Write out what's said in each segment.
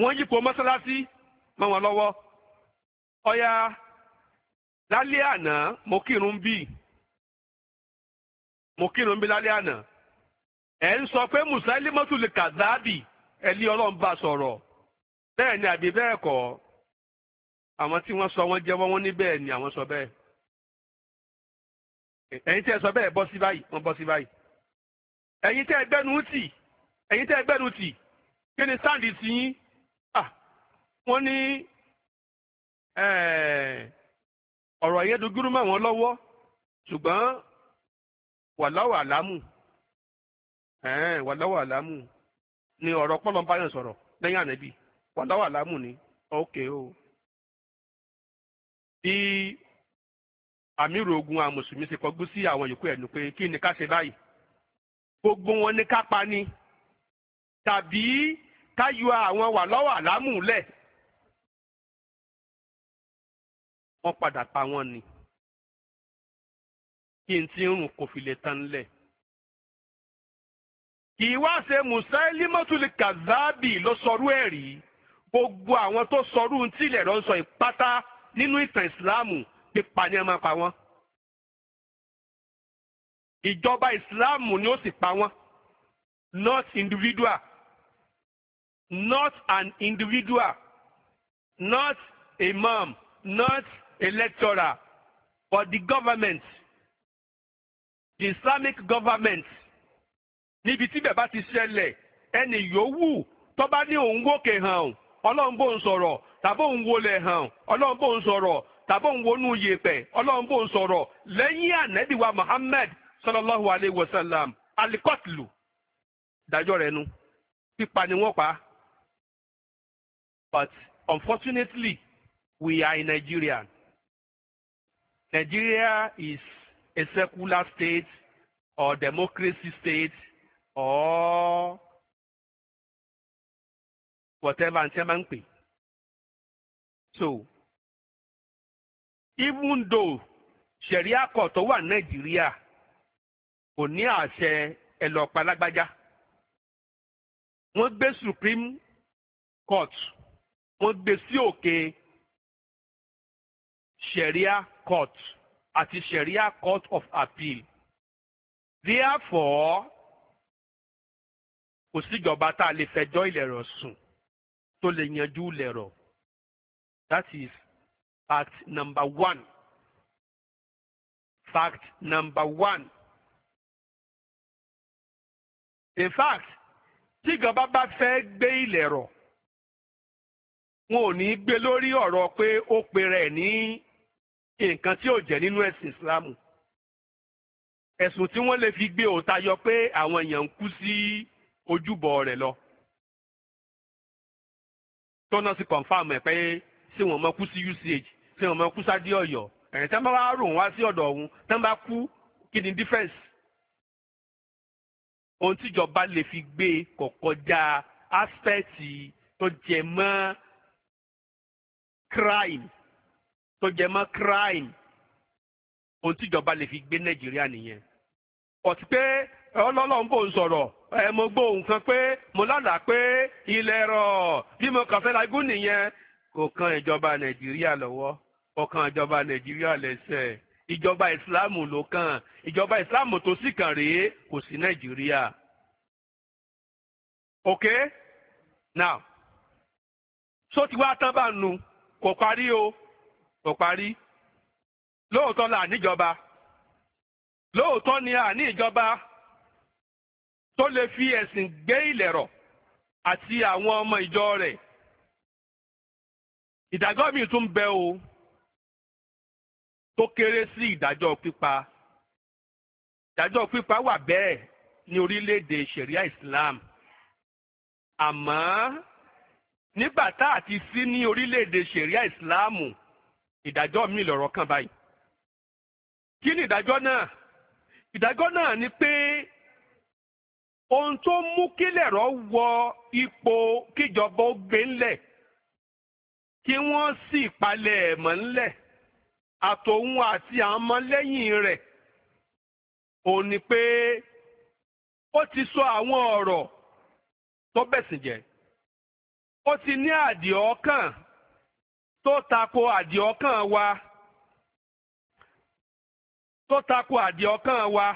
wọ́n yípo mọ́sálásí mọ́ wọn lọ́wọ́ ọ̀yà lálẹ́ àná mo kírun bí mo kírun bí lálẹ́ àná ẹ̀ ń sọ pé Musailimatu lè kàdáàbì ẹ̀ lé ọlọ́run bá sọ̀rọ̀ bẹ́ẹ̀ ni àbí bẹ́ẹ̀ kọ́ àwọn tí wọ́n sọ wọ́n jẹ́wọ́ wọ́n ní bẹ́ẹ̀ ni àwọn sọ bẹ́ẹ̀ ẹ̀yin tẹ́ ẹ sọ bẹ́ẹ̀ bọ́ sí báyìí wọ́n bọ́ sí báyìí ẹ̀yin tẹ́ ẹ gbẹ́nu tì ẹ̀yin tẹ́ ẹ gbẹ́nu tì kí ni sáǹdì sí yín wọ́n ní eh, ọ̀rọ̀ yẹn dojúrú mọ́ wọn lọ́wọ́ ṣùgbọ́n wàláwà lámù eh, wàláwà lámù ni ọ̀rọ̀ pọ́lọ́mbá yẹn sọ̀rọ̀ lẹ́yìn ànábì wàláwà lámù ni ok o. bí àmírò ogun àwọn mùsùlùmí ṣe kọgbú sí àwọn yòókù ẹ̀ nù pé kí ni ká ṣe báyìí gbogbo wọn ni ká pa ni tàbí ká yọ àwọn wàláwà lámù lẹ̀ wọ́n padà pa wọ́n ni kí n ti rùn kò fi lè tán lẹ̀. kì í wá ṣe Musailimotuli Kazabi ló sọrú ẹ̀ rí gbogbo àwọn tó sọrú tí ilẹ̀ rọ ń sọ ìpátá nínú ìtàn ìsìláàmù pípa ni ẹ máa pa wọ́n. ìjọba ìsìláàmù ni ó sì pa wọ́n not individual not an individual not a imam not electoral but the government the Islamic government níbi tí bẹ̀bá ti ṣẹlẹ̀ ẹni yòówù tó bá ní òun wòkè hàn ọlọ́run bò ń sọ̀rọ̀ tàbí òun wọlé hàn ọlọ́run bò ń sọ̀rọ̀ tàbí lẹ́yìn ànẹ́bíwá sallallahu alayhi but unfortunately we are in Nigeria Nigeria is a secular state or democracy state or whatever n ṣe máa So even though Sharia court tó Nigeria, Nàìjíríà kò ní àṣẹ ẹlọ́pàá lágbájá wọ́n gbé Supreme Court wọ́n gbé sí òkè ṣẹ̀ríà court àti sharia court of appeal therefore kò síjọba tá a lè fẹjọ́ ìlẹ̀rọ̀ sùn tó lè yanjú ìlẹ̀rọ̀ that is fact number one fact number one in fact tíjọba bá fẹ́ gbé ìlẹ̀rọ̀ wọn ò ní gbé lórí ọ̀rọ̀ pé ó pera ní nǹkan tí ò jẹ́ nínú ẹ̀sìn Islam ẹ̀sùn tí wọ́n lè fi gbé òòta yọ pé àwọn èèyàn ń kú sí ojúbọ rẹ̀ lọ tọ́nà sì confam ẹ̀ pé ṣé wọ́n máa kú sí UCH ṣé wọ́n máa kú sáde Ọ̀yọ́ ẹ̀rìn tí wọ́n bá rò wá sí ọ̀dọ̀ ọ̀hún tí wọ́n bá kú kí ni difference ohun tíjọba lè fi gbé kò kọjá aspect tó jẹ mọ́ crime tó jẹ mọ́ crime ohun tíjọba lè fi gbé nàìjíríà nìyẹn ọtí pé ọlọ́lọ́run bò ń sọ̀rọ̀ ẹ mo gbọ́ ohun kan pé mo lálàá pé ilẹ̀ rọ̀ bí mo kàn fẹ́ lagún nìyẹn kò kan ìjọba nàìjíríà lọ́wọ́ kò kan ìjọba nàìjíríà lẹ́sẹ̀ ìjọba ìsìláàmù ló kàn ìjọba ìsìláàmù tó sì kàn rèé kò sí nàìjíríà. ok now So tiwa wá tán bá nu kò parí o kò parí lóòótọ́ la níjọba lóòótọ́ ni a ní ìjọba tó lè fi ẹ̀sìn gbé ìlẹ̀rọ̀ àti àwọn ọmọ ìjọ rẹ̀ ìdájọ́ mi tún bẹ o tó kéré sí ìdájọ́ pípa ìdájọ́ pípa wà bẹ́ẹ̀ ní orílẹ̀-èdè ṣẹ̀ríà Islam àmọ́ nígbà tá a ti sí ní orílẹ̀-èdè ṣẹ̀ríà Islam. ìdájọ́ mi lọ̀rọ̀ kan báyìí kí ni ìdájọ́ náà ìdájọ́ náà ni pé ohun tó mú kílẹ̀rọ̀ wọ ipò kíjọba ó gbé ńlẹ̀ kí wọ́n sì palẹ̀ ẹ̀mọ́ ńlẹ̀ àtòun àti àwọn ọmọlẹ́yìn rẹ̀ òun ni pé ó ti sọ àwọn ọ̀rọ̀ tó bẹ̀sìn jẹ́ ó ti ní àdìọ́ kàn tó tako àdìọ́kàn wa tó tako wa.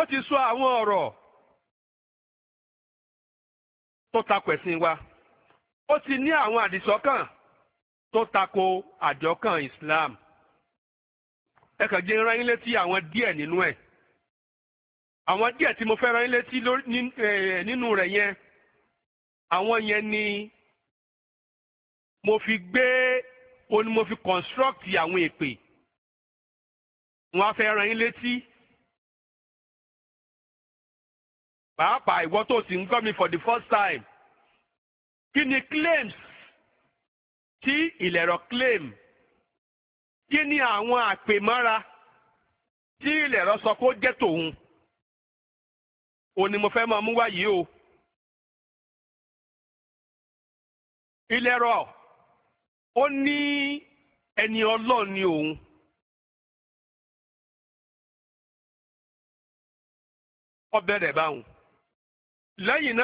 ó ti sọ àwọn ọ̀rọ̀ tó tako ẹ̀sìn wa ó ti ní àwọn àdìsọ́kàn tó tako àdìọ́kàn Islam. ẹ kàn jẹ́ rán yín létí àwọn díẹ̀ nínú ẹ̀ àwọn díẹ̀ tí mo fẹ́ rán yín létí nínú rẹ̀ yẹn àwọn yẹn ni mo fi gbé o ni mo fi construct àwọn èpè wọn á fẹ́ rán yín létí pàápàá ìwọ tó sì ń gbọ́ mi for the first time kí ni claims tí ìlẹ̀rọ̀ claim. kí ni àwọn àpèmọ́ra tí ìlẹ̀rọ sọ kó jẹ́ tòun òní mo fẹ́ máa mú wáyé o. ìlẹ̀rọ ó ní ẹni ni òun. ọbẹ̀ rẹ̀ báwọn. lẹ́yìn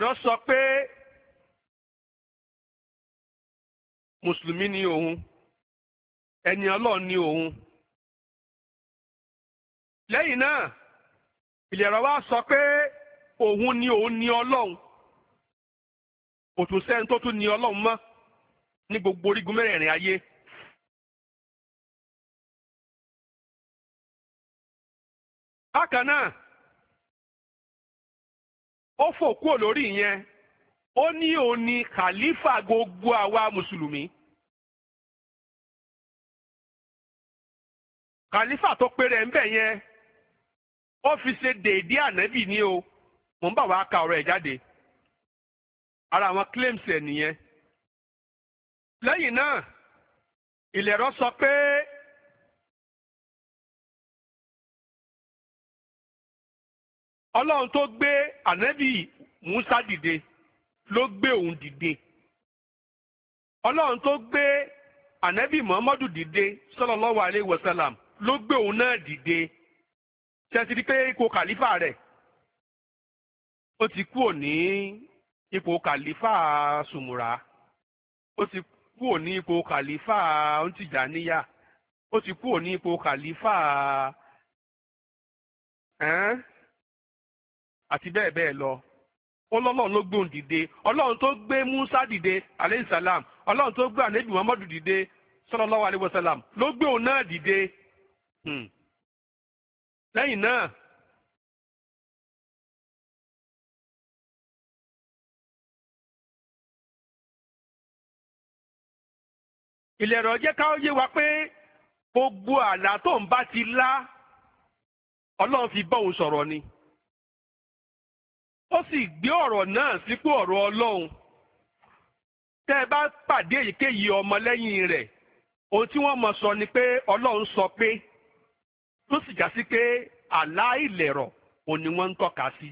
náà sọ mùsùlùmí ni òun ẹni ọlọ́run ni òun. lẹ́yìn náà ìlera wa sọ pé òun ni òun ni ọlọ́run kò tún sẹ́ni tó tún ni ọlọ́run mọ́ ní gbogbo orígun mẹ́rẹ̀ẹ̀rin ayé. bákan náà ó fò kúrò lórí ìyẹn ó ní òun ni khalifa gbogbo àwa mùsùlùmí. khalifa tó péré ń bẹ̀ yẹn ó fi ṣe dèédé ànábì ni o mò ń bà wá ka ọ̀rọ̀ ẹ̀ jáde ara àwọn claims ẹ̀ nìyẹn. lẹ́yìn náà ìlẹ̀rọ sọ pé ọlọ́run tó gbé ànábì Musa dìde ló gbé òun dìde ọlọ́run tó gbé ànábì muhammadu dìde sallallahu alaihi wasallam ló gbé òun náà dìde ṣẹ́ẹ́sì rí pé ipò kàlífà rẹ̀ ó ti kúrò ní ipò kàlífà sùmùrà ó ti kúrò ní ipò kàlífà ontìjàníyà ó ti kúrò ní ipò kàlífà àti bẹ́ẹ̀ bẹ́ẹ̀ lọ. ọlọ́run ló gbóhùn dìde ọlọ́run tó gbé musa dìde aleyhisalam ọlọ́run tó gbé anabi muhammadu dìde sallallahu alaihi wasallam ló gbóhùn náà dìde hmm. lẹ́yìn náà. ìlẹ̀rọ̀ jẹ́ ká yé wa pé gbogbo àlá tó ń bá ti lá ọlọ́run fi bá òun sọ̀rọ̀ ni. ó sì gbé ọ̀rọ̀ náà sípò ọ̀rọ̀ ọlọ́run tẹ́ ẹ bá pàdé èyíkéyìí ọmọ lẹ́yìn rẹ̀ ohun tí wọ́n mọ̀ sọ ni pé ọlọ́run sọ pé tó sì já sí pé àláìlẹ̀rọ̀ òun ni wọ́n ń tọ́ka sí.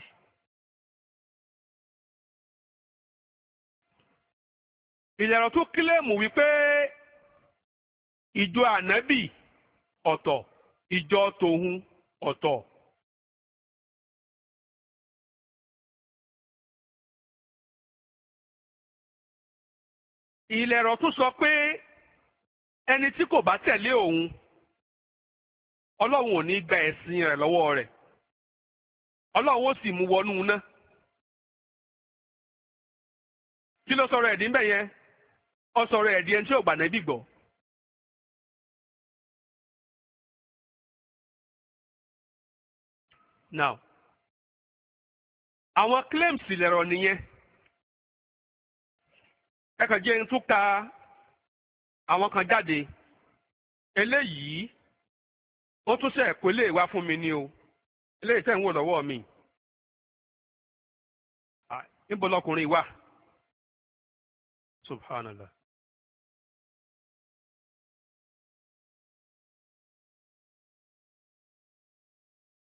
ìlẹ̀rọ̀ tó kílẹ̀mù wípé ìjọ ànábì ọ̀tọ̀ ìjọ tòun ọ̀tọ̀ ìlẹ̀rọ̀ tún sọ pé ẹni tí kò bá tẹ̀lé òun ọlọ́run ò ní gba ẹ̀sìn rẹ̀ lọ́wọ́ rẹ̀ ọlọ́run ó sì mú wọnú náà. kí ló sọ̀rọ̀ ẹ̀dín bẹ́ẹ̀ yẹn ọ sọ̀rọ̀ ẹ̀dín ẹni tí ò gbà náà gbọ́. now àwọn claims ìlẹ̀rọ̀ nìyẹn. ẹ kàn tún ka àwọn kan jáde eléyìí ó tún ṣe kó lè wá ni o eléyìí tẹ̀ ń wò lọ́wọ́ mi níbo lọkùnrin wà subhanallah.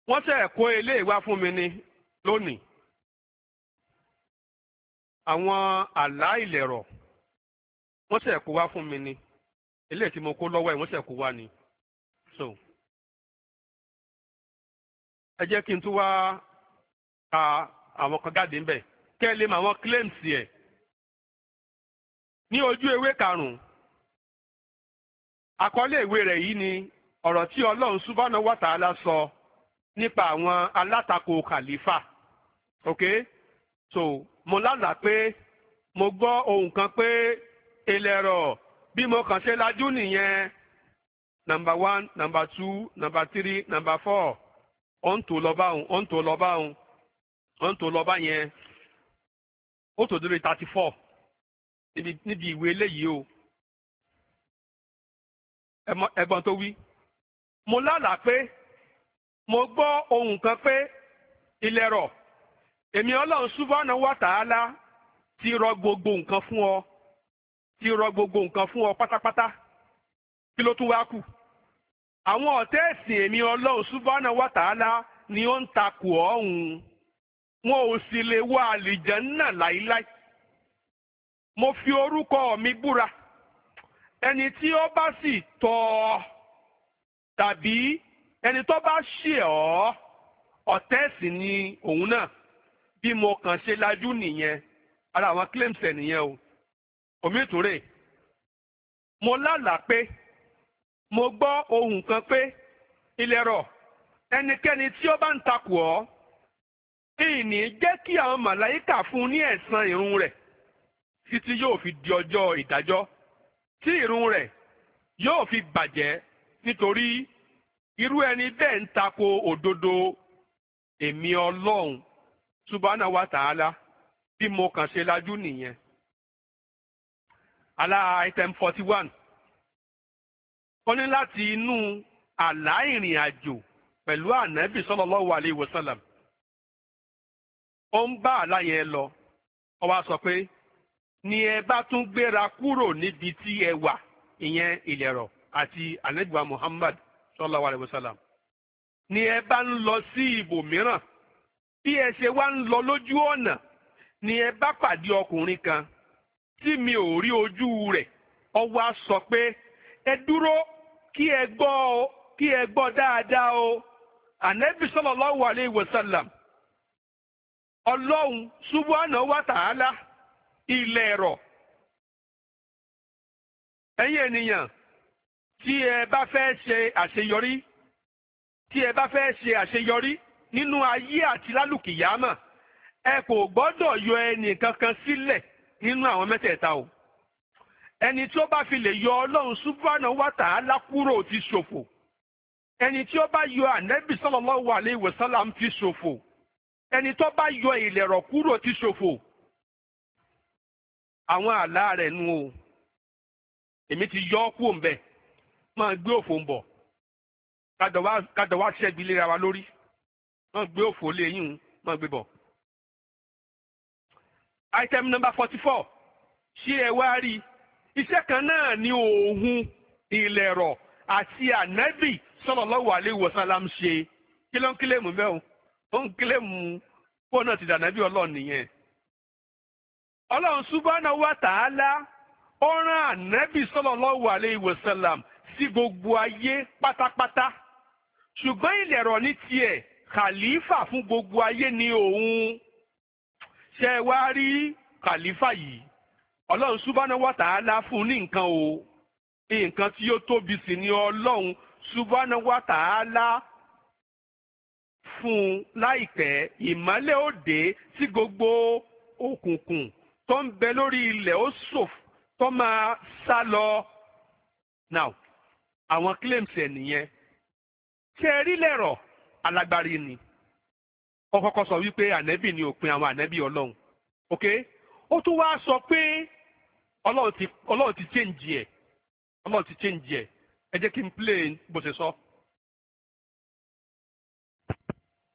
wọ́n kó eléyìí ni lónìí àwọn àlá wọ́n ṣe kó wá fún mi ni eléyìí tí mo kó lọ́wọ́ ẹ̀ wọ́n ṣe kó wá ni so ẹ jẹ́ kí n tún wá ka àwọn kan jáde ńbẹ̀ kẹ́ ẹ lè mọ àwọn claims ẹ̀ ní ojú ewé karùn-ún àkọlé ìwé rẹ̀ yìí ni ọ̀rọ̀ tí ọlọ́run subhanahu wa sọ nípa àwọn alátakò kàlífà ok so mo lálàá pé mo gbọ́ ohun kan pé ìlẹ̀rọ̀ bí mo kàn ṣe lajú nìyẹn nàmbà one number two number three number four ọ̀n tó lọ báhùn ọ̀n tó lọ báhùn ọ̀n tó lọ yẹn ó tó dúró thirty four níbi ìwé eléyìí o ẹ̀gbọ́n tó wí mo lálàá pé mo gbọ́ ohun kan pé ilẹ̀ rọ̀ èmi ọlọ́run subhanahu wa ta'ala ti rọ gbogbo nǹkan fún ọ. ti rọ gbogbo nǹkan fún ọ pátápátá kí ló tún wá kù. àwọn ọ̀tẹ́ ẹ̀sìn èmi ọlọ́run subhana wa ta'ala ni ó ń takò ọ̀hún wọn ò sì lè wá wọ àlìjànnà láíláí. mo fi orúkọ mi búra ẹni tí ó bá sì tọ̀ ọ́ tàbí ẹni tó bá ṣì ọ́ ọ̀tẹ́ ẹ̀sìn ni òun náà bí mo kàn ṣe lajú nìyẹn ara àwọn claims ẹ̀ nìyẹn o. omi ìtúrè mo lálàá pé mo gbọ́ ohùn kan pé ilẹ̀ rọ̀ ẹnikẹ́ni tí ó bá ń takò ọ́ ìní jẹ́ kí àwọn màláyíkà fún ní ẹ̀san ìrun rẹ̀ títí yóò fi di ọjọ́ ìdájọ́ tí ìrun rẹ̀ yóò fi bàjẹ́ nítorí irú ẹni bẹ́ẹ̀ ń takò òdodo èmi ọlọ́run subhanahu wa ta'ala bí mo kàn ṣe lajú nìyẹn. Ala item forty one ó ní láti inú àlá ìrìn àjò pẹ̀lú ànábì sallallahu alayhi o sallam ó ń bá lọ ó wá sọ pé ni ẹ bá tún gbéra kúrò níbi tí ẹ wà ìyẹn ìlẹ̀rọ̀ àti ànábì Muhammad ni ẹ bá ń lọ sí bí ẹ ṣe wá ń lọ lójú ni ẹ bá pàdé ọkùnrin kan tí mi ò rí ojú rẹ̀ ọwọ́ á sọ pé ẹ dúró kí ẹ gbọ́ ọ kí ẹ gbọ́ dáadáa o ànẹ́bí sallallahu alayhi wa sallam ọlọ́run subhanahu wa ta'ala ilẹ̀ ẹ̀rọ. ẹ̀yin ènìyàn tí ẹ bá fẹ́ ṣe àṣeyọrí tí ẹ bá fẹ́ ṣe àṣeyọrí nínú ayé àti lálùkìyámà ẹ kò gbọ́dọ̀ yọ ẹnì kankan sílẹ̀. Si nínú àwọn mẹ́tẹ̀ẹ̀ta o ẹni tí ó bá fi lè yọ ọlọ́run subhanahu wa ta'ala kúrò ti ṣòfò ẹni tí ó bá yọ ànẹ́bì sallallahu alayhi wa sallam ti ṣòfò ẹni tó bá yọ ìlẹ̀rọ̀ kúrò ti ṣòfò àwọn àlá rẹ̀ nu o èmi ti yọ ọ́ kúrò ń bẹ̀ máa gbé òfò ń bọ̀ kádọ̀ wá ṣẹ́gi wa lórí máa gbé òfò lé yín máa gbé bọ̀ item number forty four ṣé ẹ wá rí iṣẹ́ kan náà ni òògùn ìlẹ̀rọ̀ àti ànábì sallallahu alaihi wasallam ṣe kí ló ń kílèmù bẹ́ẹ̀ o ń kílèmù pọ̀ náà ti dànábì ọlọ́run nìyẹn. ọlọ́run subhanahu wa ta'ala ó rán ànábì sallallahu alaihi wasallam sí gbogbo ayé pátápátá ṣùgbọ́n ìlẹ̀rọ̀ ní tiẹ̀ khalifa fún gbogbo ayé ni òun ṣe é wá rí kàlífà yìí ọlọ́run subhanahu wa ta'ala fún ní nǹkan o nǹkan tí ó tóbi sí ni ọlọ́run subhanahu wa ta'ala fún un láìpẹ́ ìmọ́lẹ̀ ó sí gbogbo òkùnkùn tó ń bẹ lórí ilẹ̀ ó ṣòfò tó máa sá lọ. now àwọn claims ẹ̀ nìyẹn ṣe rí lẹ̀rọ̀ alágbárí ni ọ kọkọ sọ wípé ànẹ́bì ni òpin àwọn ànẹ́bì ọlọ́run ok ó tún wá sọ pé ọlọ́run ti change ẹ̀ ọlọ́run ti change ẹ̀ ẹ jẹ́ kí n play bó ṣe sọ.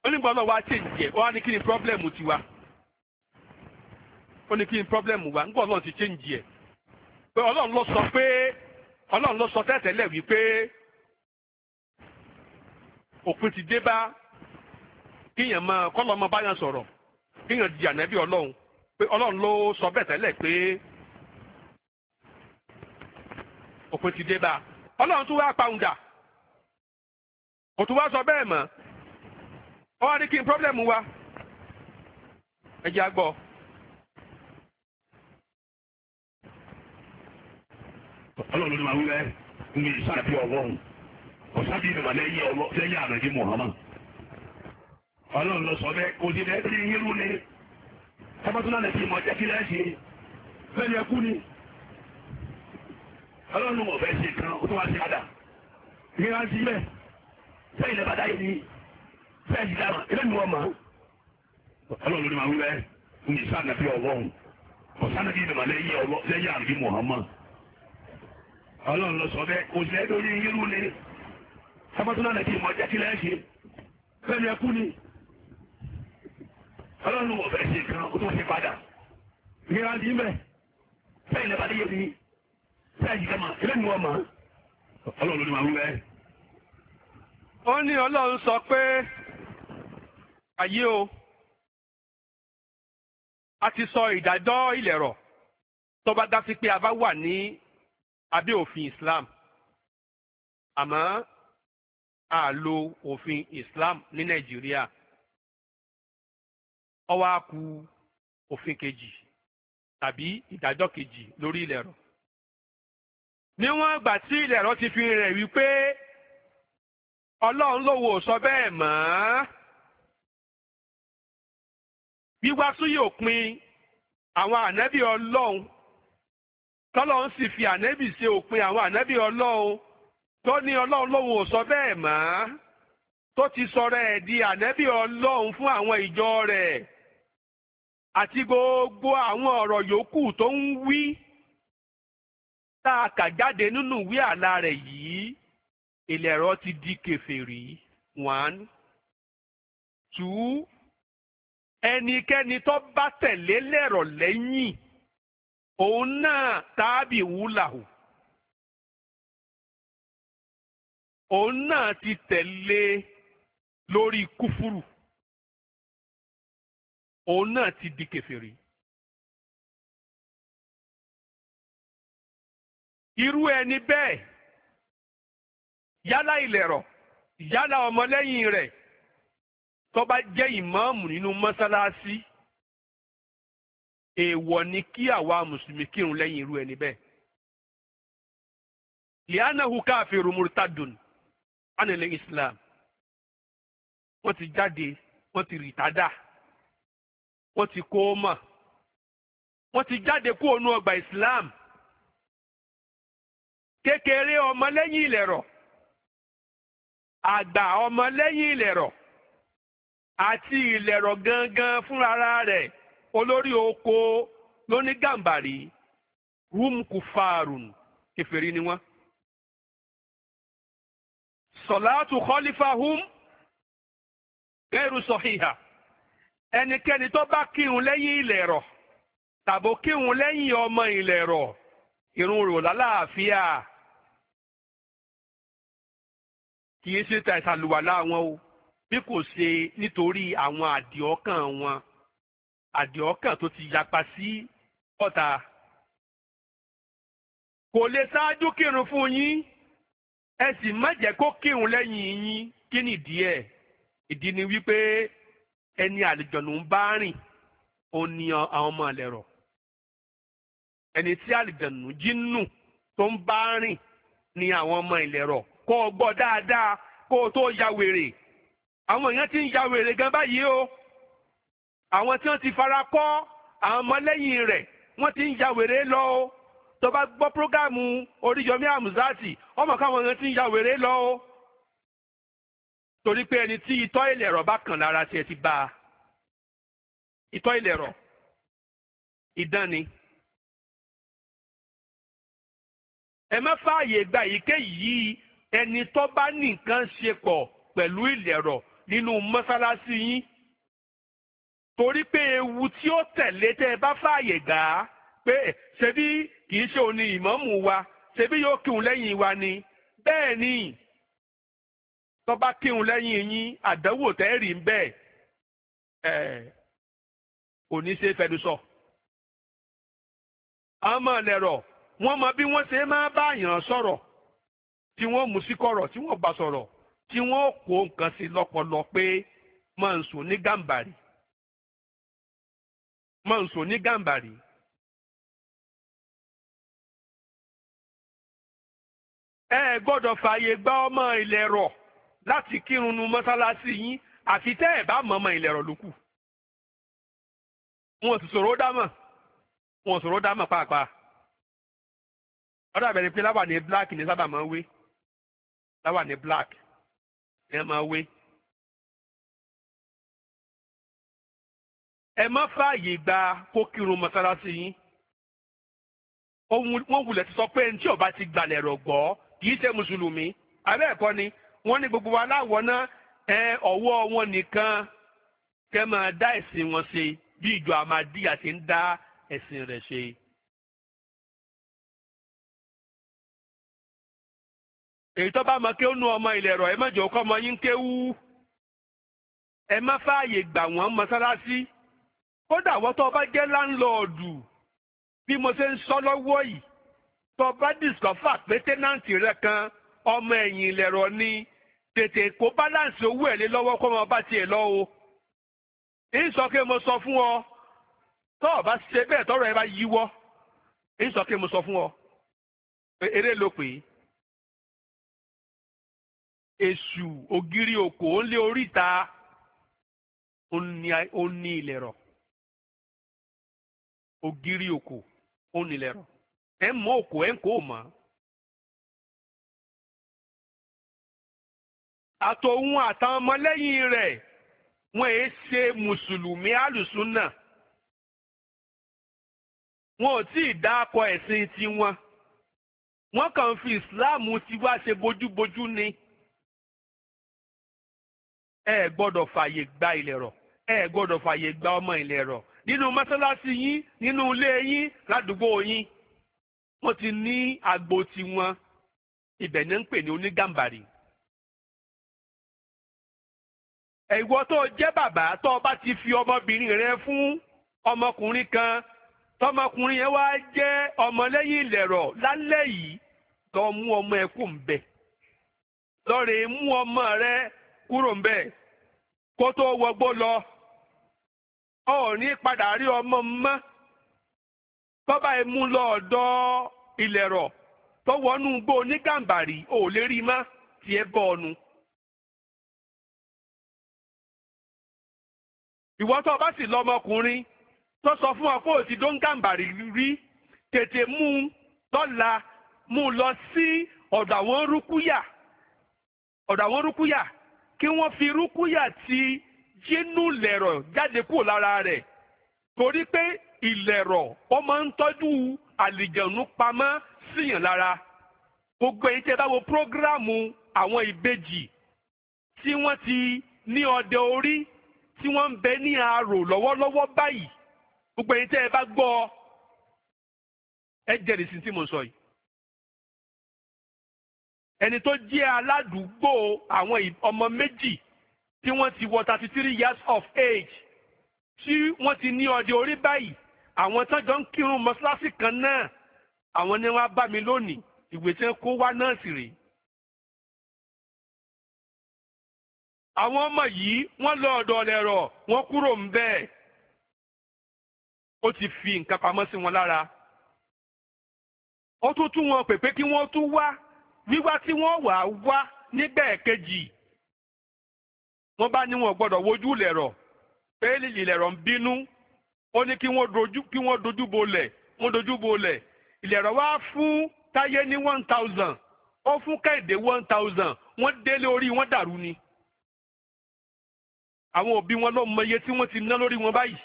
ó ọlọ́run wá change ẹ̀ problem tiwa ó ní ti change ẹ̀ pé ọlọ́run sọ pé ọlọ́run ló sọ ti dé kéèyàn máa kọ́lọ́ ọmọ báyàn sọ̀rọ̀ kéèyàn di ànábì ọlọ́run pé ọlọ́run ló sọ bẹ́ẹ̀ tẹ́lẹ̀ pé òpin ti dé bá ọlọ́run tún wá pàùndà kò tún wá sọ bẹ́ẹ̀ mọ́ ọ wá ní kí n wa ẹ àgbọ̀. ọlọ́run ló máa wí ń bí sáà bí ọlọ́run ọ̀sán bí Muhammad. ọlọ́run lọ sọ bẹ́ẹ̀ kò sí bẹ́ẹ̀ sí irú ni tọ́bọ́tún náà lè fi mọ̀ jẹ́ kí lẹ́ẹ̀ ṣe bẹ́ẹ̀ yẹ kú ni ọlọ́run mọ̀ fẹ́ ṣe kan ó tó wá sí àdá ìrìn àti ilẹ̀ sẹ́yìn lẹ́bàá dáyé ni sẹ́yìn ti dáhùn ilé ni ọlọ́run wọ̀ bẹ́ẹ̀ ṣe kan ó tún ṣe padà ìrìnà ti ń bẹ̀ bẹ́ẹ̀ ilẹ̀ bàdé yé ti bẹ́ẹ̀ jìkà mà ilé mi wọ́n mà ọlọ́run ló máa ń bẹ́ẹ̀. ó ní ọlọ́run sọ pé àyè o a ti sọ ìdájọ́ ilẹ̀ rọ̀ tó bá dá pé a bá wà ní abẹ́ òfin Islam àmọ́ a lo òfin Islam ní Nàìjíríà. ó wá kù òfin kejì tàbí ìdájọ́ kejì lórí ilẹ̀ rọ̀ níwọ̀n ìgbà tí ilẹ̀ rọ̀ ti fi rẹ̀ wípé ọlọ́run lòwò sọ bẹ́ẹ̀ mọ́ wíwá súyè òpin àwọn ànábì ọlọ́run tọ́lọ́run sì fi ànábì ṣe òpin àwọn ànábì ọlọ́run tó ní ọlọ́run lòwò sọ bẹ́ẹ̀ mọ́. tó ti sọ̀rọ̀ ẹ̀ di ànẹ́bí ọlọ́run fún àwọn ìjọ rẹ̀ àti gbogbo àwọn ọ̀rọ̀ yòókù tó ń wí tá a kà jáde nínú ìwé àlá rẹ̀ yìí ìlẹ̀rọ ti di kèfèrí one two ẹnikẹ́ni tó bá tẹ̀lé lẹ́rọ̀ lẹ́yìn òun náà tàbí wúlàhùn. òun náà ti tẹ̀lé lórí kúfúrù òun náà ti di kèfèrí. irú ẹni bẹ́ẹ̀ yálà ìlẹ̀rọ̀ yálà ọmọlẹ́yìn rẹ̀ tó bá jẹ́ ìmáàmù nínú mọ́sálásí èèwọ̀ ni kí àwa mùsùlùmí kírun lẹ́yìn irú ẹni bẹ́ẹ̀. lianahu káfíìrù murtadun anilẹ̀ islam wọ́n ti jáde wọ́n ti rìtádà wọ́n ti kó mọ̀ wọ́n ti jáde kúrò nú ọgbà Islam kékeré ọmọlẹ́yìn ìlẹ̀rọ̀ àgbà ọmọlẹ́yìn ìlẹ̀rọ̀ àti ìlẹ̀rọ̀ gangan fúnra rẹ̀ olórí oko lónígàmbàrí rum kufarun kèfèrí ni wọ́n. sọ̀látù kọ́lífà gẹ́rù sọ̀híhà ẹnikẹ́ni tó bá kírun lẹ́yìn ilẹ̀ rọ̀ tàbó kírun lẹ́yìn ọmọ ilẹ̀ rọ̀ irun rò lálàáfíà kì í ṣe ta ìsàlùwàlá o bí kò ṣe nítorí àwọn àdìọ́kàn wọn àdìọ́kàn tó ti yapa sí ọ̀tá kò lè ṣáájú kírun fún yín ẹ sì má jẹ́ kó kírun lẹ́yìn yín kí ìdí ni wípé ẹni àlìjọ̀nù ń bá rìn ó ní àwọn ọmọ ẹlẹ́rọ ẹni tí àlìjọ̀nù jínù tó ń bá rìn ní àwọn ọmọ ìlẹ̀rọ kó o gbọ́ dáadáa kó o tó ya wèrè àwọn èèyàn ti ń ya wèrè gan báyìí o àwọn tí wọ́n ti fara kọ́ àwọn ọmọlẹ́yìn rẹ̀ wọ́n ti ń ya wèrè lọ o tó bá gbọ́ prógámù oríyọmí àmùzáàtì ọmọ káwọn èèyàn ti ń ya wèrè lọ o torí pé ẹni tí itọ́ ìlẹ̀rọ̀ bá kàn lára tiẹ̀ ti bá a itọ́ ìlẹ̀rọ̀ idán ni. ẹ má fààyè gba èyíkéyìí ẹni tó bá ní nǹkan ṣe pọ̀ pẹ̀lú ìlẹ̀rọ̀ nínú mọ́sálásí yín torí pé ewu tí ó tẹ̀lé tẹ́ ẹ bá fààyè gbà á pé ṣebí kì í ṣe òní ìmọ̀ọ́mù wa ṣebí yóò kírun lẹ́yìn wa ni bẹ́ẹ̀ ni tó bá kírun lẹ́yìn yín àdánwò tẹ́rì ń bẹ́ẹ̀ ẹ̀ kò ní ṣe fẹnu sọ. àmọ́ lẹ̀rọ̀ wọ́n mọ bí wọ́n ṣe máa bá yàn sọ̀rọ̀ tí wọ́n mú sí kọ̀rọ̀ tí wọ́n bá sọ̀rọ̀ tí wọ́n kó nǹkan sí lọ́pọlọ pé máa ń sùn ní gàǹbàrì máa ń sùn ní gàǹbàrì. ẹ gbọ́dọ̀ fààyè gba ọmọ ilẹ̀ rọ̀ láti kírun nu mọ́sálásí yín àfi tẹ́ ẹ̀ bá mọ̀ọ́mọ̀ ìlẹ̀rọ̀ ló kù. wọn sì sọ̀rọ̀ dámọ̀ wọn sọ̀rọ̀ dámọ̀ pàápàá. ọ̀dọ̀ àbẹ̀rẹ̀ pé láwà ní black ní sábà máa ń wé láwà ní black ní ẹ máa wé. ẹ má fààyè gba kó kírun mọ́sálásí yín. wọ́n wulẹ̀ ti sọ pé ẹni tí ó bá ti gbalẹ̀ rọ̀ gbọ́ kì í ṣe mùsùlùmí abẹ́ ni wọ́n ní gbogbo wa láwọ̀ náà ẹ ọwọ́ wọn nìkan kẹ́ máa dá ẹ̀sìn wọn ṣe bí ìjọ àmàdíyà ti ń dá ẹ̀sìn rẹ̀ ṣe. èyí tó bá mọ kí ó nu ọmọ ilẹ̀ rọ̀ ẹ má jọ kọ́ ọmọ yín kéwú ẹ má fààyè gbà wọ́n mọ́sálásí kódà wọ́n tó bá jẹ́ láńlọ́ọ̀dù bí mo ṣe ń sọ lọ́wọ́ yìí tó bá dìskọ́fà pé tẹ́nàǹtì rẹ kan ọmọ ẹ̀yìn ilẹ̀ rọ̀ ni tètè kó báláǹsì owó ẹ̀ lé lọ́wọ́ kó máa bá tiẹ̀ lọ o ìsọ kí mo sọ fún ọ tọ́ ọ bá ṣe bẹ́ẹ̀ tọ́rọ̀ ẹ bá yíwọ́ ìsọ mo sọ fún ọ eré ló pè é èṣù ògiri òkò ó lé oríta ó ní ilẹ̀ rọ̀ ògiri òkò ó ní ilẹ̀ rọ̀ ẹ̀ ń mọ òkò ẹ̀ ń kó o mọ̀ àtòun àtàwọn ọmọlẹ́yìn rẹ̀ wọ́n èé ṣe mùsùlùmí àlùsùnà wọn ò tí ì dáàkọ ẹ̀sìn tiwọn wọ́n kàn fi ìsìláàmù tiwa ṣe bójúbójú ni ẹ gbọ́dọ̀ fààyè gba ilẹ̀ rọ̀ ẹ gbọ́dọ̀ fààyè gba ọmọ ilẹ̀ rọ̀ nínú mọ́sálásí yín nínú ilé yín ládùúgbò yín wọ́n ti ní agbo tiwọn ibẹ̀ ni ń pè ní onígàmbàrì. ìwọ tó jẹ́ bàbá tó o bá ti fi ọmọbìnrin rẹ fún ọmọkùnrin kan tọmọkùnrin yẹn wá jẹ́ ọmọlẹ́yìn ìlẹ̀rọ̀ lálẹ́ yìí lọ mú ọmọ ẹ kù ń bẹ̀ lọ́ọ̀rẹ́ mú ọmọ rẹ kúrò ń bẹ̀ kó tó wọgbó lọ ọ ò padà rí ọmọ mọ́ bọ́bá ẹ mú lọ ọ̀dọ̀ ìlẹ̀rọ̀ tó wọnú gbó onígàǹbàrí ò lè rí mọ́ tiẹ̀ bọ́ ọ̀nù. ìwọ tó o bá sì lọ ọmọkùnrin tó sọ fún ọ pé o ti dóńgàǹbàrì rí tètè mú un lọ́la mú un lọ sí ọ̀dọ̀ àwọn rúkúyà ọ̀dọ̀ àwọn rúkúyà kí wọ́n fi rúkúyà ti jínú lẹ̀rọ̀ jáde kúrò lára rẹ̀ torí pé ìlẹ̀rọ̀ ó máa ń tọ́jú àlìjẹ̀nu pamọ́ síyàn lára gbogbo èyí tẹ́ bá wo prógráàmù àwọn ìbejì tí wọ́n ti ní ọdẹ orí tí wọ́n ń bẹ ní àárò lọ́wọ́lọ́wọ́ báyìí gbogbo ẹ̀yin tẹ́ ẹ bá gbọ́ ẹ jẹ́rìí sí tí mo sọ yìí. ẹni tó jẹ́ aládùúgbò àwọn ọmọ méjì tí wọ́n ti wọ thirty three years of age tí wọ́n ti ní ọdẹ orí báyìí àwọn tán jọ ń kírun mọ́ṣáláṣí kan náà àwọn ni wọ́n á bá mi lónìí ìwé tí wọ́n kó wá náà sì rèé. àwọn ọmọ yìí wọ́n lọ ọ̀dọ̀ lẹ̀rọ̀ wọ́n kúrò ń bẹ́ẹ̀ ó ti fi nǹkan pamọ́ sí wọn lára ó tún tún wọn pè pé kí wọ́n tún wá wíwá tí wọ́n wà á wá nígbà ẹ̀kejì wọ́n bá ní wọn gbọ́dọ̀ wojú lẹ̀rọ̀ pé lílì lẹ̀rọ̀ ń bínú ó ní kí wọ́n dojú kí wọ́n dojú bolẹ̀ wọ́n dojú bolẹ̀ ìlẹ̀rọ̀ wá fún táyé ní one thousand ó fún kẹ́hìndé one thousand wọ́n délé orí wọn dàrú ni àwọn òbí wọn ló mọ iye tí wọ́n ti ná lórí wọn báyìí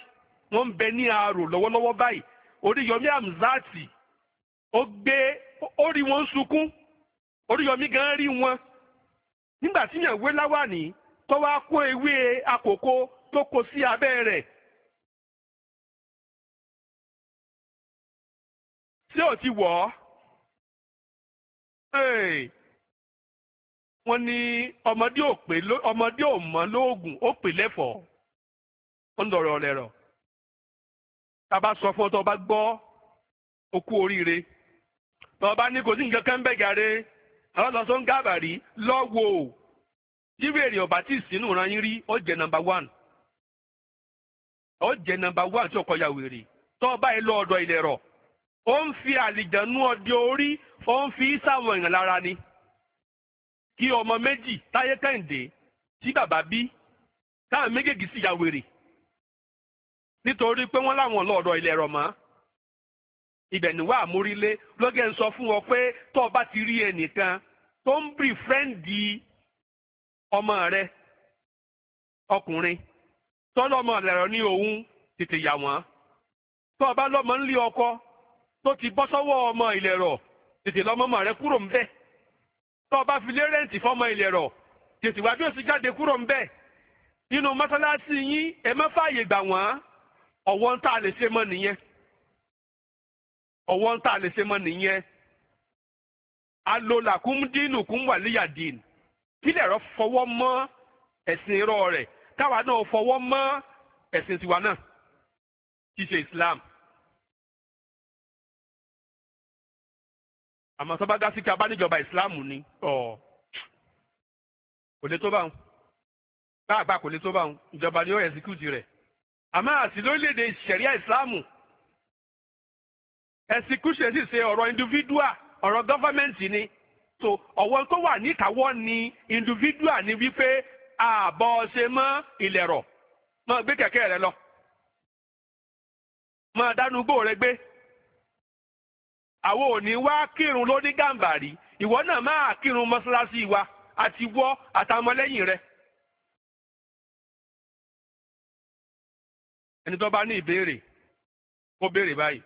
wọ́n ń bẹ ní àárò lọ́wọ́lọ́wọ́ báyìí Oríyọmí Amzati ó gbé ó rí wọn sunkún Oríyọmí gan rí wọn nígbà tí yàn wé láwàní tó wá kó ewé àkókò tó kó sí abẹ́ rẹ̀ tí ò ti wọ̀ ọ́. wọ́n ní ọmọdé ò ọmọdé ò lóògùn ó pè ó ń dọ̀rọ̀ tába sọ fún ọ tó bá gbọ́ okú oríire tó bá ní kò sí nǹkan kan bẹ́ẹ̀ gàre àwọn lọ ń gábàrí lọ́wọ́ o jírí èrè ọ̀bà tí ìsínú yín rí ó jẹ́ ni. kí ọmọ méjì táyé kẹ́hìndé tí bàbá bí táwọn méjèèjì sì ya wèrè nítorí pé wọ́n láwọn lọ́ọ̀rọ̀ ilẹ̀ rọ̀ mọ́ ibẹ̀ níwá àmúrílé lọ́gẹ̀ ń sọ fún ọ pé tó o bá ti rí ẹnìkan tó ń bì fẹ́ǹdì ọmọ rẹ ọkùnrin tọ́lọ́ ọmọ rẹ̀ ní òun tètè yà wọ́n tó o bá lọ́mọ ń lé ọkọ tó ti bọ́ sọ́wọ́ ọmọ ilẹ̀ rọ̀ tètè lọ́mọ rẹ kúrò ń bẹ́ẹ̀ tó o bá fi lé rẹ́ǹtì fọ́mọ ilẹ̀ rọ̀ tètè wájú òsì jáde kúrò ń bẹ̀ nínú mọ́sálásí yín ẹ má fààyè gbà wọ́n ọ̀wọ́ ń tà lè ṣe mọ́ nìyẹn ọ̀wọ́ ń tà lè ṣe mọ́ nìyẹn alolàkùn dínú kún wà líyà dín kílẹ̀ rọ fọwọ́ mọ́ ẹ̀sìn irọ́ rẹ̀ káwa náà fọwọ́ mọ́ ẹ̀sìn tiwa náà kì ṣe Islam. àmọ́ sọ́ba dá sí pé abánijọba ìsìláàmù ni ọ̀ kò lè tó báwọn gbàgbà kò lè tó báwọn ìjọba ni ó ẹ̀sìkúùtì rẹ̀ àmọ́ àti lórílẹ̀‐èdè ìṣẹ̀ríà ìsìláàmù ẹ̀sìkúùtì sì ṣe ọ̀rọ̀ individual ọ̀rọ̀ gọ́fọ́mẹ̀ntì ni so ọ̀wọ́n tó wà níkàwọ́ ni individual ni wípé ààbọ̀ ṣe mọ́ ilẹ̀ rọ̀ mọ́ gbé kẹ̀kẹ́ rẹ lọ mọ́ dánúgbò rẹ gbé àwọn ò ní wá kírun lórí gàǹbàrí ìwọ náà máa kírun mọ́ṣáláṣí wa àti wọ́ àtàmọ́lẹ́yìn rẹ. ẹni tó bá ní ìbéèrè kó béèrè báyìí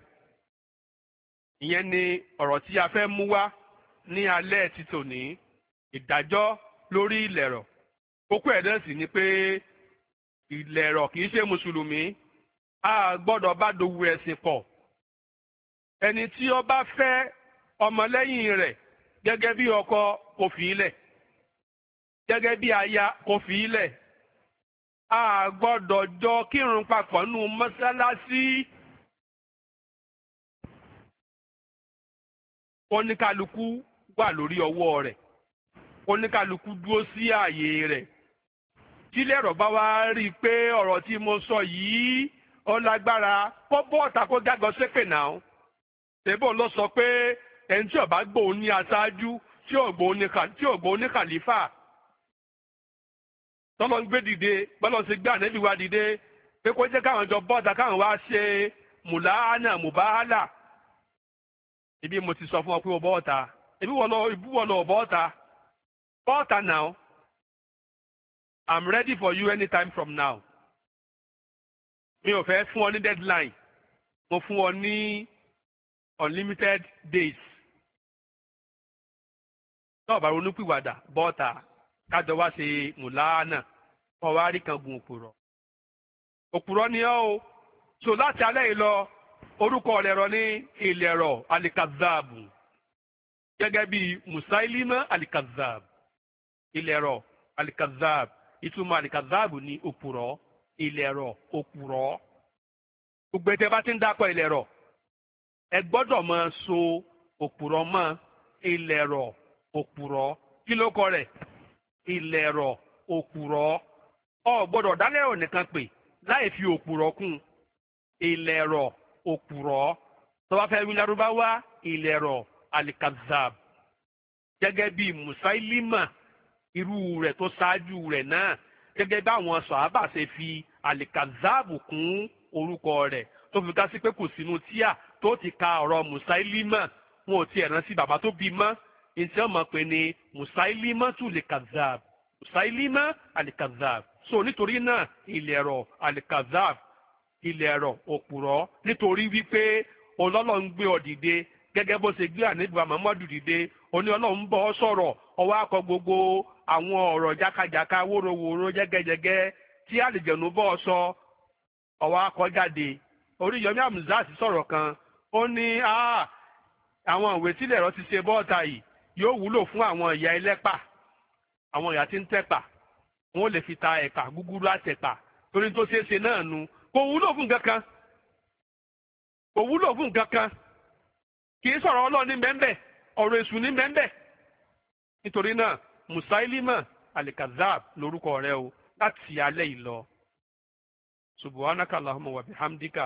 ìyẹn ni ọ̀rọ̀ tí a fẹ́ mú wá ní alẹ́ ti tòní ìdájọ́ lórí ìlẹ̀rọ̀ kókó ẹ̀dẹ́ sì ni pé ìlẹ̀rọ̀ kì í ṣe mùsùlùmí a gbọ́dọ̀ bá dòwú ẹ̀sìn pọ̀. ẹni tí ọ bá fẹ́ ọmọlẹ́yìn rẹ̀ gẹ́gẹ́ bí ọkọ kò fi ilẹ̀ gẹ́gẹ́ aya kò fi ilẹ̀ a gbọ́dọ̀ jọ kírun papọ̀ nù mọ́sálásí. oníkàlùkù wà lórí ọwọ́ rẹ̀ oníkàlùkù dúró sí ààyè rẹ̀ tílé bá wá rí i pé ọ̀rọ̀ tí sọ yìí kó bọ́ ọ̀tà kó sépè tẹ́bọ̀ lọ sọ pé ẹni tí ọba gbòun ní aṣáájú tí ọgbọ́n ní kàlífà tọ́lọ́ ń gbé dìde bọ́lọ́ ṣe gbé ànẹ́bí wa dìde pé kó jẹ́ káwọn jọ bọ́ta káwọn wá ṣe mùláhánà mùbáhálà ibi mo ti sọ fún ọ pé o bọ́ ọ̀ta ibi wọ́n lọ ibú wọ́n lọ bọ́ ọ̀ta bọ́ ọ̀ta now I'm ready for you anytime from now mi ò fẹ́ fún ọ ní deadline mo fún ọ ní. unlimited days tó bá ronúpìwàdà bọ́ọ̀tà kájọ wá ṣe mùláánà kọ́ wá rí kan gun òpùrọ̀ òpùrọ̀ ni ọ́ o so láti alẹ́ yìí lọ orúkọ ní ìlẹ̀rọ̀ alikazabu gẹ́gẹ́ bí musailima alikazaabu ìlẹ̀rọ̀ alikazabu ìtumọ̀ alikazabu ni òpùrọ̀ ìlẹ̀rọ̀ òpùrọ̀ gbogbo bá ti ń dákọ̀ ẹ gbọ́dọ̀ máa so òpùrọ̀ mọ́ ilẹ̀rọ̀ òpùrọ̀ kí ló kọ rẹ̀ ilẹ̀rọ̀ òpùrọ̀ ọ gbọ́dọ̀ dálẹ́rọ̀ nìkan pè láì fi òpùrọ̀ kún ilẹ̀rọ̀ òpùrọ̀ tó fẹ́ wí lárúbáwá ilẹ̀rọ̀ alikazab gẹ́gẹ́ bí musailima irú rẹ̀ tó ṣáájú rẹ̀ náà gẹ́gẹ́ bí àwọn sàábà ṣe fi alikazab kún orúkọ rẹ̀ tó fi ká sí pé kò sínú tíà tó ti ka ọ̀rọ̀ Musailima wọn ò tiẹ̀ rántí bàbá tó bí mọ́ ní musa wọ́n mọ̀ pé Musailima tún lè kazab Musailima so nítorí náà ilẹ̀ ẹ̀rọ alikazab ilẹ̀ ẹ̀rọ òpùrọ̀ nítorí wípé ọlọ́lọ́ ń gbé ọ dìde gẹ́gẹ́ bó ṣe gbé gbogbo àwọn ọ̀rọ̀ jákàjáká jẹ́gẹ́jẹ́gẹ́ tí bọ́ ọ sọ ọwọ́ akọ amuzasi sọ̀rọ̀ kan ó ní ah, àwọn ìwé tí lẹ̀rọ ti ṣe bọ́ọ̀ta yìí yóò wúlò fún àwọn ìyá ẹlẹ́pà àwọn ìyá tí ń tẹ́pà wọn ò lè fi ta ẹ̀pà gúgúrú àtẹ̀pà torí tó ṣeé ṣe náà nu kò wúlò fún kankan kò wúlò fún kankan kì í sọ̀rọ̀ ọlọ́ọ̀ni bẹ́ẹ̀ ọ̀rọ̀ èṣù ní bẹ́ẹ̀ nítorí náà musailima alikazab lórúkọ rẹ o láti alẹ́ ìlọ subhanaka allahumma wa bihamdika.